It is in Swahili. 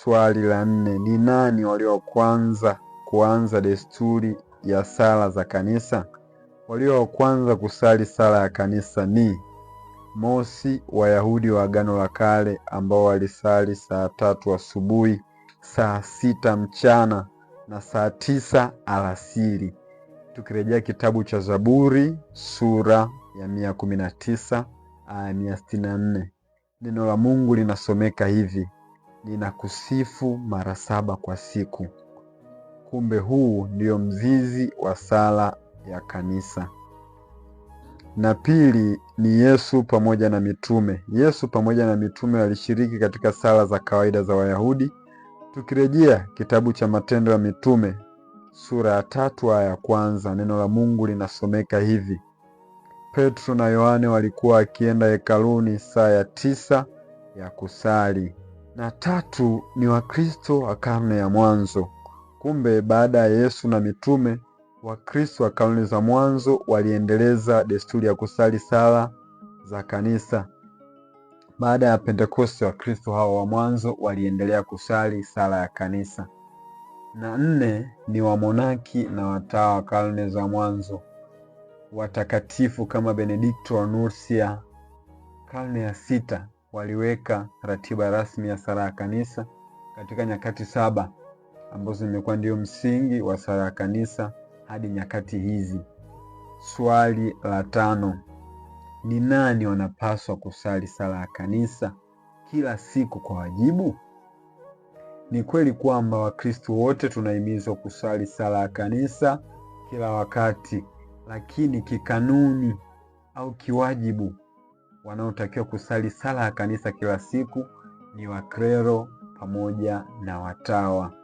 Swali la nne, ni nani kwanza kuanza desturi ya sala za kanisa? kwanza kusali sala ya kanisa ni mosi, Wayahudi wa Agano la Kale ambao walisali saa tatu asubuhi, saa sita mchana na saa tisa alasiri, tukirejea kitabu cha Zaburi sura ya mia kumi na tisa aya mia sitini na nne. Neno la Mungu linasomeka hivi: ninakusifu mara saba kwa siku. Kumbe huu ndio mzizi wa sala ya kanisa. Na pili ni Yesu pamoja na mitume. Yesu pamoja na mitume walishiriki katika sala za kawaida za Wayahudi. Tukirejea kitabu cha Matendo ya Mitume sura ya tatu aya ya kwanza, neno la Mungu linasomeka hivi: Petro na Yohane walikuwa wakienda hekaluni saa ya tisa ya kusali, na tatu ni Wakristo wa karne ya mwanzo. Kumbe baada ya Yesu na mitume, Wakristo wa karne za mwanzo waliendeleza desturi ya kusali sala za kanisa. Baada ya Pentekoste, Wakristo hao wa mwanzo waliendelea kusali sala ya kanisa. Na nne ni wamonaki na watawa wa karne za mwanzo. Watakatifu kama Benedikto wa Nursia karne ya sita waliweka ratiba rasmi ya sala ya kanisa katika nyakati saba ambazo zimekuwa ndio msingi wa sala ya kanisa hadi nyakati hizi. Swali la tano: ni nani wanapaswa kusali sala ya kanisa kila siku kwa wajibu? Ni kweli kwamba Wakristo wote tunahimizwa kusali sala ya kanisa kila wakati, lakini kikanuni au kiwajibu wanaotakiwa kusali sala ya kanisa kila siku ni wakrero pamoja na watawa.